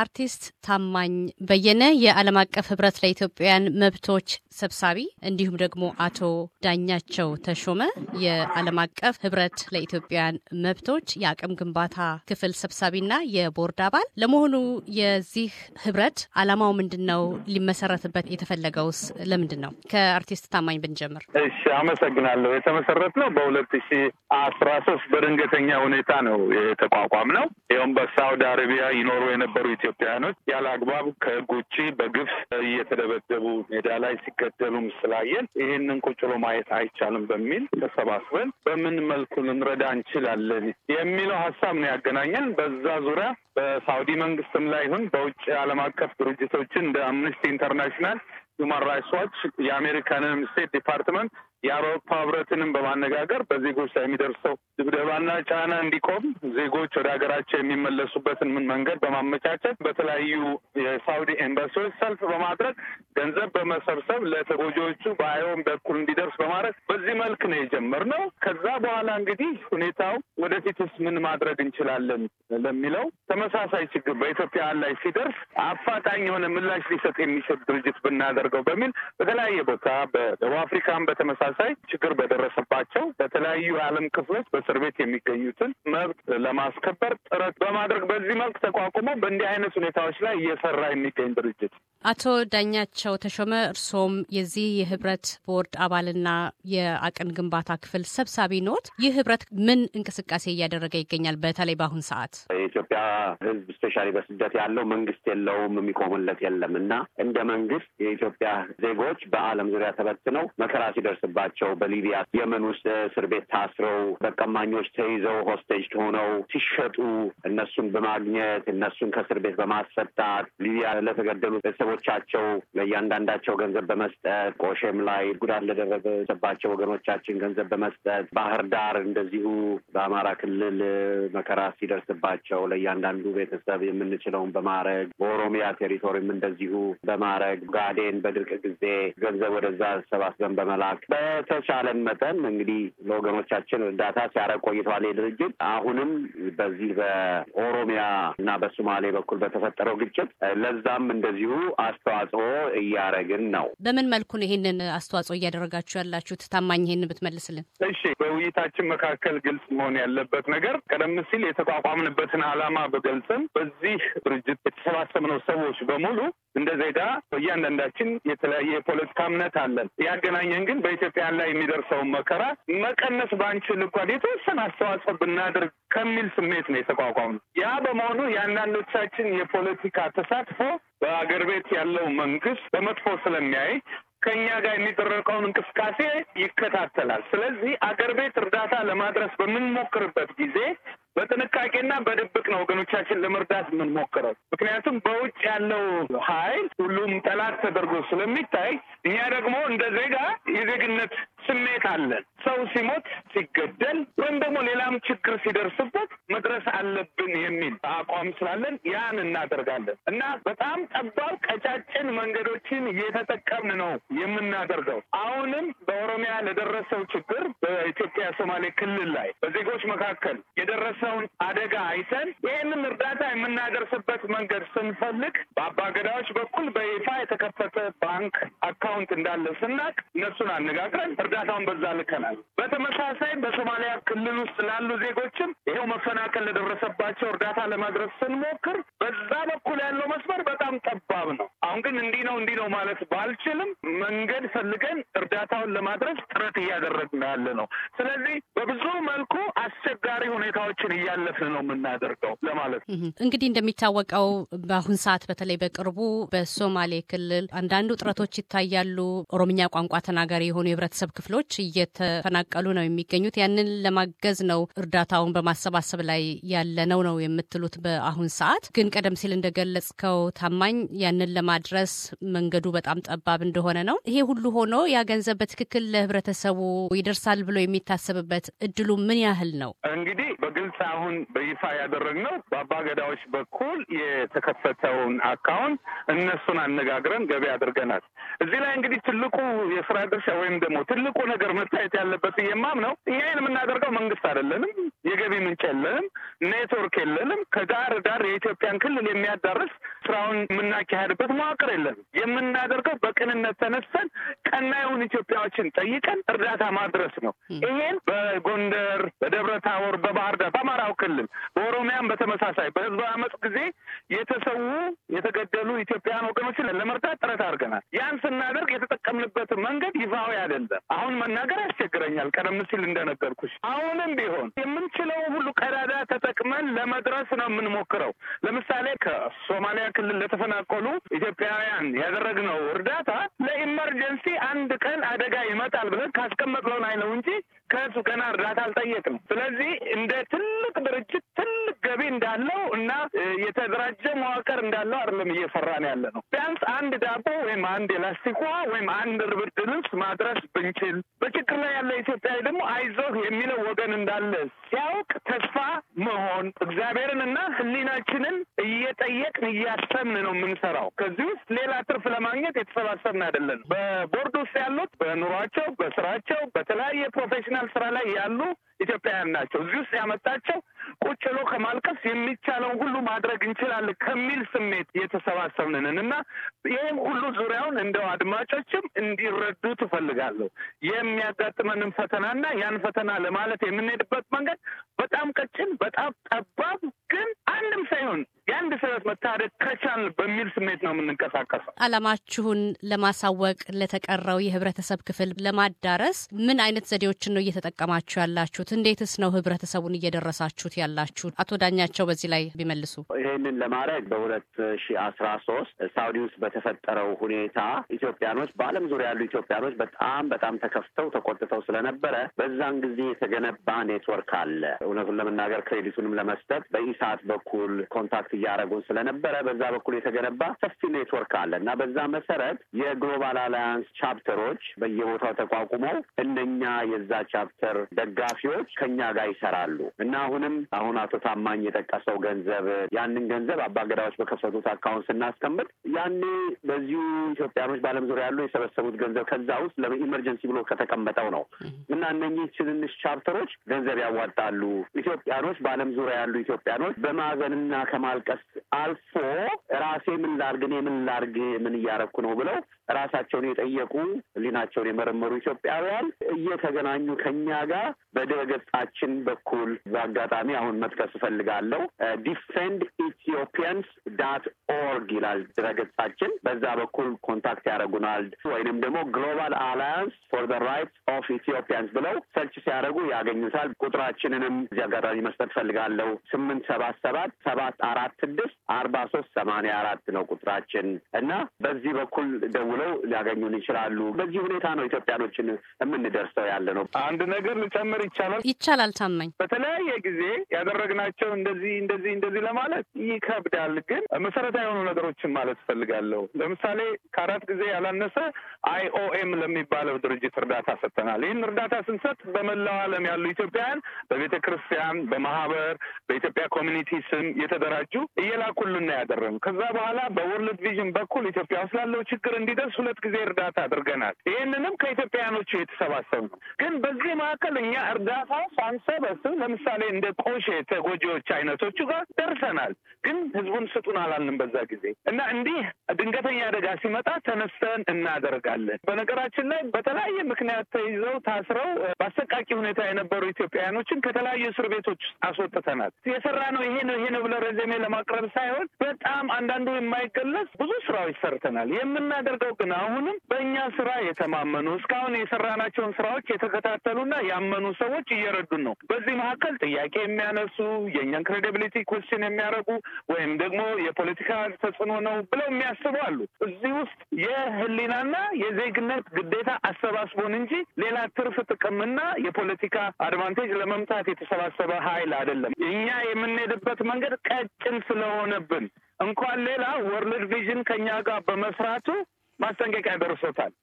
አርቲስት ታማኝ በየነ የዓለም አቀፍ ህብረት ለኢትዮጵያውያን መብቶች ሰብሳቢ፣ እንዲሁም ደግሞ አቶ ዳኛቸው ተሾመ የዓለም አቀፍ ህብረት ለኢትዮጵያውያን መብቶች የአቅም ግንባታ ክፍል ሰብሳቢና የቦርድ አባል። ለመሆኑ የዚህ ህብረት ዓላማው ምንድን ነው? ሊመሰረትበት የተፈለገውስ ለምንድን ነው? ከአርቲስት ታማኝ ብንጀምር። እሺ፣ አመሰግናለሁ። የተመሰረት ነው በሁለት ሺ አስራ ሶስት በድንገተኛ ሁኔታ ነው የተቋቋም ነው። ይኸውም በሳውዲ አረቢያ ይኖሩ የነበሩ ኢትዮጵያውያኖች ያለ አግባብ ከህግ ውጭ በግፍ እየተደበደቡ ሜዳ ላይ ሲገደሉም ስላየን ይህንን ቁጭሎ ማየት አይቻልም በሚል ተሰባስበን በምን መልኩ ልንረዳ እንችላለን የሚለው ሀሳብ ነው ያገናኘን። በዛ ዙሪያ በሳውዲ መንግስትም ላይ ይሁን በውጭ ዓለም አቀፍ ድርጅቶችን እንደ አምነስቲ ኢንተርናሽናል፣ ሁማን ራይትስ ዋች፣ የአሜሪካንም ስቴት ዲፓርትመንት የአውሮፓ ህብረትንም በማነጋገር በዜጎች ላይ የሚደርሰው ድብደባና ጫና እንዲቆም ዜጎች ወደ ሀገራቸው የሚመለሱበትን ምን መንገድ በማመቻቸት በተለያዩ የሳውዲ ኤምባሲዎች ሰልፍ በማድረግ ገንዘብ በመሰብሰብ ለተጎጂዎቹ በአዮም በኩል እንዲደርስ በማድረግ በዚህ መልክ ነው የጀመርነው። ከዛ በኋላ እንግዲህ ሁኔታው ወደፊትስ ምን ማድረግ እንችላለን ለሚለው ተመሳሳይ ችግር በኢትዮጵያ ላይ ሲደርስ አፋጣኝ የሆነ ምላሽ ሊሰጥ የሚችል ድርጅት ብናደርገው በሚል በተለያየ ቦታ በደቡብ አፍሪካም በተመሳሳይ በተመሳሳይ ችግር በደረሰባቸው በተለያዩ የዓለም ክፍሎች በእስር ቤት የሚገኙትን መብት ለማስከበር ጥረት በማድረግ በዚህ መልክ ተቋቁሞ በእንዲህ አይነት ሁኔታዎች ላይ እየሰራ የሚገኝ ድርጅት አቶ ዳኛቸው ተሾመ እርሶም የዚህ የህብረት ቦርድ አባልና የአቅን ግንባታ ክፍል ሰብሳቢ ኖት። ይህ ህብረት ምን እንቅስቃሴ እያደረገ ይገኛል? በተለይ በአሁን ሰዓት የኢትዮጵያ ህዝብ ስፔሻሊ በስደት ያለው መንግስት የለውም፣ የሚቆምለት የለም እና እንደ መንግስት የኢትዮጵያ ዜጎች በዓለም ዙሪያ ተበትነው መከራ ሲደርስባቸው በሊቢያ የመን ውስጥ እስር ቤት ታስረው በቀማኞች ተይዘው ሆስቴጅ ሆነው ሲሸጡ እነሱን በማግኘት እነሱን ከእስር ቤት በማስፈታት ሊቢያ ለተገደሉ ቤተሰቦ ወገኖቻቸው ለእያንዳንዳቸው ገንዘብ በመስጠት ቆሼም ላይ ጉዳት ለደረሰባቸው ወገኖቻችን ገንዘብ በመስጠት ባህር ዳር እንደዚሁ በአማራ ክልል መከራ ሲደርስባቸው ለእያንዳንዱ ቤተሰብ የምንችለውን በማድረግ በኦሮሚያ ቴሪቶሪም እንደዚሁ በማድረግ ጋዴን በድርቅ ጊዜ ገንዘብ ወደዛ ሰባስበን በመላክ በተቻለን መጠን እንግዲህ ለወገኖቻችን እርዳታ ሲያደርግ ቆይተዋል። ድርጅት አሁንም በዚህ በኦሮሚያ እና በሶማሌ በኩል በተፈጠረው ግጭት ለዛም እንደዚሁ አስተዋጽኦ እያደረግን ነው። በምን መልኩ ነው ይህንን አስተዋጽኦ እያደረጋችሁ ያላችሁት? ታማኝ ይህን ብትመልስልን። እሺ፣ በውይይታችን መካከል ግልጽ መሆን ያለበት ነገር ቀደም ሲል የተቋቋምንበትን ዓላማ በገልጽም በዚህ ድርጅት የተሰባሰብነው ሰዎች በሙሉ እንደ ዜጋ እያንዳንዳችን የተለያየ የፖለቲካ እምነት አለን። ያገናኘን ግን በኢትዮጵያ ላይ የሚደርሰውን መከራ መቀነስ ባንችል እንኳን የተወሰነ አስተዋጽኦ ብናደርግ ከሚል ስሜት ነው የተቋቋምነው። ያ በመሆኑ የአንዳንዶቻችን የፖለቲካ ተሳትፎ በአገር ቤት ያለው መንግስት በመጥፎ ስለሚያይ ከኛ ጋር የሚደረገውን እንቅስቃሴ ይከታተላል። ስለዚህ አገር ቤት እርዳታ ለማድረስ በምንሞክርበት ጊዜ በጥንቃቄና በድብቅ ነው ወገኖቻችን ለመርዳት የምንሞክረው። ምክንያቱም በውጭ ያለው ኃይል ሁሉም ጠላት ተደርጎ ስለሚታይ እኛ ደግሞ እንደ ዜጋ የዜግነት ስሜት አለን። ሰው ሲሞት፣ ሲገደል ወይም ደግሞ ሌላም ችግር ሲደርስበት መድረስ አለብን የሚል አቋም ስላለን ያን እናደርጋለን እና በጣም ጠባብ ቀጫጭን መንገዶችን እየተጠቀምን ነው የምናደርገው። አሁንም በኦሮሚያ ለደረሰው ችግር በኢትዮጵያ ሶማሌ ክልል ላይ በዜጎች መካከል የደረሰውን አደጋ አይተን ይህንን እርዳታ የምናደርስበት መንገድ ስንፈልግ በአባገዳዎች በኩል በይፋ የተከፈተ ባንክ አካውንት እንዳለ ስናቅ እነሱን አነጋግረን እርዳታውን በዛ ልከናል። በተመሳሳይ በሶማሊያ ክልል ውስጥ ላሉ ዜጎችም ይኸው መፈናቀል ለደረሰባቸው እርዳታ ለማድረስ ስንሞክር በዛ በኩል ያለው መስመር በጣም ጠባብ ነው። አሁን ግን እንዲህ ነው እንዲህ ነው ማለት ባልችልም መንገድ ፈልገን እርዳታውን ለማድረስ ጥረት እያደረግን ያለ ነው። ስለዚህ በብዙ መልኩ አስቸጋሪ ሁኔታዎችን እያለፍን ነው የምናደርገው ለማለት ነው። እንግዲህ እንደሚታወቀው በአሁን ሰዓት በተለይ በቅርቡ በሶማሌ ክልል አንዳንድ ውጥረቶች ይታያሉ። ኦሮምኛ ቋንቋ ተናጋሪ የሆኑ የህብረተሰብ ክፍል ክፍሎች እየተፈናቀሉ ነው የሚገኙት። ያንን ለማገዝ ነው እርዳታውን በማሰባሰብ ላይ ያለነው ነው የምትሉት። በአሁን ሰዓት ግን ቀደም ሲል እንደገለጽከው ታማኝ ያንን ለማድረስ መንገዱ በጣም ጠባብ እንደሆነ ነው። ይሄ ሁሉ ሆኖ ያ ገንዘብ በትክክል ለህብረተሰቡ ይደርሳል ብሎ የሚታሰብበት እድሉ ምን ያህል ነው? እንግዲህ በግልጽ አሁን በይፋ ያደረግነው ገዳዎች በኩል የተከፈተውን አካውንት እነሱን አነጋግረን ገቢ አድርገናል። እዚህ ላይ እንግዲህ ትልቁ የስራ ድርሻ ወይም ደግሞ ትልቁ ትልቁ ነገር መታየት ያለበት ብዬ ነው እኛ ይህን የምናደርገው መንግስት አይደለንም፣ የገቢ ምንጭ የለንም፣ ኔትወርክ የለንም። ከዳር ዳር የኢትዮጵያን ክልል የሚያዳርስ ስራውን የምናካሄድበት መዋቅር የለም የምናደርገው በቅንነት ተነስተን ቀና የሆኑ ኢትዮጵያዎችን ጠይቀን እርዳታ ማድረስ ነው። ይሄን በጎንደር፣ በደብረ ታቦር፣ በባህር ዳር፣ በአማራው ክልል፣ በኦሮሚያም በተመሳሳይ በህዝባዊ አመፅ ጊዜ የተሰዉ የተገደሉ ኢትዮጵያውያን ወገኖችን ለመርዳት ጥረት አድርገናል። ያን ስናደርግ የተጠቀምንበት መንገድ ይፋዊ አይደለም። አሁን መናገር ያስቸግረኛል። ቀደም ሲል እንደነገርኩሽ አሁንም ቢሆን የምንችለው ሁሉ ቀዳዳ ተጠቅመን ለመድረስ ነው የምንሞክረው። ለምሳሌ ከሶማሊያ ክልል ለተፈናቀሉ ኢትዮጵያውያን ያደረግነው እርዳታ ለኢመርጀንሲ አንድ ቀን አደጋ ይመጣል ብለን ካስቀመጥነው ላይ ነው እንጂ ከእሱ ገና እርዳታ አልጠየቅም። ስለዚህ እንደ ትልቅ ድርጅት ትልቅ ገቢ እንዳለው እና የተደራጀ መዋቅር እንዳለው አይደለም እየሰራ ነው ያለ ነው። ቢያንስ አንድ ዳቦ ወይም አንድ የላስቲክ ውሃ ወይም አንድ ብርድ ልብስ ማድረስ ብንችል፣ በችግር ላይ ያለ ኢትዮጵያዊ ደግሞ አይዞህ የሚለው ወገን እንዳለ ሲያውቅ ተስፋ መሆን እግዚአብሔርን እና ሕሊናችንን እየጠየቅን እያ አስበን ነው የምንሰራው። ከዚህ ውስጥ ሌላ ትርፍ ለማግኘት የተሰባሰብን አይደለን። በቦርድ ውስጥ ያሉት በኑሯቸው፣ በስራቸው፣ በተለያየ ፕሮፌሽናል ስራ ላይ ያሉ ኢትዮጵያውያን ናቸው። እዚህ ውስጥ ያመጣቸው ቁጭ ብሎ ከማልቀስ የሚቻለውን ሁሉ ማድረግ እንችላለን ከሚል ስሜት የተሰባሰብንን እና ይህም ሁሉ ዙሪያውን እንደው አድማጮችም እንዲረዱ ትፈልጋለሁ። የሚያጋጥመንን ፈተናና ያን ፈተና ለማለት የምንሄድበት መንገድ በጣም ቀጭን፣ በጣም ጠባብ ግን አንድም ሳይሆን የአንድ ስረት መታደግ ከቻል በሚል ስሜት ነው የምንንቀሳቀሰው። አላማችሁን ለማሳወቅ ለተቀረው የህብረተሰብ ክፍል ለማዳረስ ምን አይነት ዘዴዎችን ነው እየተጠቀማችሁ ያላችሁ? ያላችሁት? እንዴትስ ነው ህብረተሰቡን እየደረሳችሁት ያላችሁት? አቶ ዳኛቸው በዚህ ላይ ቢመልሱ። ይህንን ለማድረግ በሁለት ሺ አስራ ሶስት ሳውዲ ውስጥ በተፈጠረው ሁኔታ ኢትዮጵያኖች በዓለም ዙሪያ ያሉ ኢትዮጵያኖች በጣም በጣም ተከፍተው ተቆጥተው ስለነበረ በዛን ጊዜ የተገነባ ኔትወርክ አለ። እውነቱን ለመናገር ክሬዲቱንም ለመስጠት በኢሳት በኩል ኮንታክት እያደረጉን ስለነበረ በዛ በኩል የተገነባ ሰፊ ኔትወርክ አለ እና በዛ መሰረት የግሎባል አላያንስ ቻፕተሮች በየቦታው ተቋቁመው እነኛ የዛ ቻፕተር ደጋፊዎች ሰዎች ከኛ ጋር ይሰራሉ እና አሁንም አሁን አቶ ታማኝ የጠቀሰው ገንዘብ ያንን ገንዘብ አባገዳዎች በከፈቱት አካውንት ስናስቀምጥ ያኔ በዚሁ ኢትዮጵያኖች በዓለም ዙሪያ ያሉ የሰበሰቡት ገንዘብ ከዛ ውስጥ ለኢመርጀንሲ ብሎ ከተቀመጠው ነው እና እነኚህ ትንንሽ ቻርተሮች ገንዘብ ያዋጣሉ። ኢትዮጵያኖች በዓለም ዙሪያ ያሉ ኢትዮጵያኖች በማዘንና ከማልቀስ አልፎ ራሴ ምን ላርግ፣ እኔ ምን ላርግ፣ ምን እያረኩ ነው ብለው ራሳቸውን የጠየቁ ህሊናቸውን የመረመሩ ኢትዮጵያውያን እየተገናኙ ከኛ ጋር በደ በገጻችን በኩል በአጋጣሚ አሁን መጥቀስ እፈልጋለሁ። ዲፌንድ ኢትዮፒያንስ ዳት ኦርግ ይላል ድረገጻችን። በዛ በኩል ኮንታክት ያደረጉናል። ወይንም ደግሞ ግሎባል አላያንስ ፎር ዘ ራይትስ ኦፍ ኢትዮፒያንስ ብለው ሰርች ሲያደረጉ ያገኙታል። ቁጥራችንንም እዚህ አጋጣሚ መስጠት እፈልጋለሁ። ስምንት ሰባት ሰባት ሰባት አራት ስድስት አርባ ሶስት ሰማንያ አራት ነው ቁጥራችን እና በዚህ በኩል ደውለው ሊያገኙን ይችላሉ። በዚህ ሁኔታ ነው ኢትዮጵያኖችን የምንደርሰው ያለ ነው። አንድ ነገር ልጨምር ይቻላል። ይቻላል። ታማኝ በተለያየ ጊዜ ያደረግናቸው እንደዚህ እንደዚህ እንደዚህ ለማለት ይከብዳል። ግን መሰረታዊ የሆኑ ነገሮችን ማለት እፈልጋለሁ። ለምሳሌ ከአራት ጊዜ ያላነሰ አይኦኤም ለሚባለው ድርጅት እርዳታ ሰጥተናል። ይህን እርዳታ ስንሰጥ በመላው ዓለም ያሉ ኢትዮጵያውያን በቤተ ክርስቲያን፣ በማህበር፣ በኢትዮጵያ ኮሚኒቲ ስም የተደራጁ እየላኩልና ያደረግነው ከዛ በኋላ በወርልድ ቪዥን በኩል ኢትዮጵያ ውስጥ ላለው ችግር እንዲደርስ ሁለት ጊዜ እርዳታ አድርገናል። ይህንንም ከኢትዮጵያውያኖቹ የተሰባሰብ ነው። ግን በዚህ መካከል እኛ እርዳ ሀላፋ፣ ሳንሰበቱ ለምሳሌ እንደ ቆሼ ተጎጂዎች አይነቶቹ ጋር ደርሰናል። ግን ህዝቡን ስጡን አላልንም በዛ ጊዜ እና እንዲህ ድንገተኛ አደጋ ሲመጣ ተነስተን እናደርጋለን። በነገራችን ላይ በተለያየ ምክንያት ተይዘው ታስረው በአሰቃቂ ሁኔታ የነበሩ ኢትዮጵያውያኖችን ከተለያዩ እስር ቤቶች ውስጥ አስወጥተናል። የሰራ ነው ይሄ ነው ይሄ ነው ብለ ረዘሜ ለማቅረብ ሳይሆን በጣም አንዳንዱ የማይገለጽ ብዙ ስራዎች ሰርተናል። የምናደርገው ግን አሁንም በእኛ ስራ የተማመኑ እስካሁን የሰራናቸውን ስራዎች የተከታተሉና ያመኑ ሰዎች እየረዱን ነው። በዚህ መካከል ጥያቄ የሚያነሱ የእኛን ክሬዲብሊቲ ኮስችን የሚያደርጉ ወይም ደግሞ የፖለቲካ ተጽዕኖ ነው ብለው የሚያስቡ አሉ። እዚህ ውስጥ የህሊናና የዜግነት ግዴታ አሰባስቦን እንጂ ሌላ ትርፍ ጥቅምና የፖለቲካ አድቫንቴጅ ለመምታት የተሰባሰበ ሀይል አይደለም። እኛ የምንሄድበት መንገድ ቀጭን ስለሆነብን እንኳን ሌላ ወርልድ ቪዥን ከኛ ጋር በመስራቱ ማስጠንቀቂያ ደርሶታል።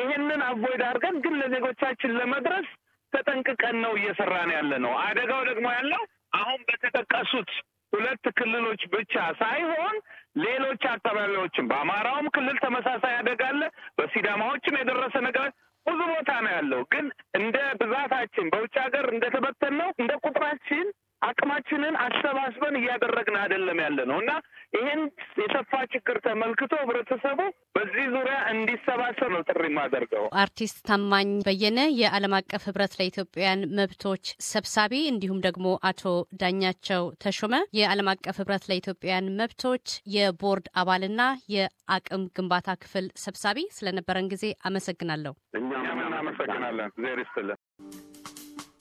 ይህንን አቮይድ አድርገን ግን ለዜጎቻችን ለመድረስ ተጠንቅቀን ነው እየሰራን ያለ ነው። አደጋው ደግሞ ያለው አሁን በተጠቀሱት ሁለት ክልሎች ብቻ ሳይሆን ሌሎች አካባቢዎችም በአማራውም ክልል ተመሳሳይ አደጋ አለ። በሲዳማዎችም የደረሰ ነገር ብዙ ቦታ ነው ያለው። ግን እንደ ብዛታችን በውጭ ሀገር እንደተበተን ነው እንደ ቁጥራችን አቅማችንን አሰባስበን እያደረግን አይደለም ያለ ነው እና ይህን የሰፋ ችግር ተመልክቶ ህብረተሰቡ በዚህ ዙሪያ እንዲሰባሰብ ነው ጥሪ የማደርገው። አርቲስት ታማኝ በየነ የዓለም አቀፍ ህብረት ለኢትዮጵያውያን መብቶች ሰብሳቢ፣ እንዲሁም ደግሞ አቶ ዳኛቸው ተሾመ የዓለም አቀፍ ህብረት ለኢትዮጵያውያን መብቶች የቦርድ አባልና የአቅም ግንባታ ክፍል ሰብሳቢ፣ ስለነበረን ጊዜ አመሰግናለሁ። እኛም አመሰግናለን። ዜር ይስጥልን።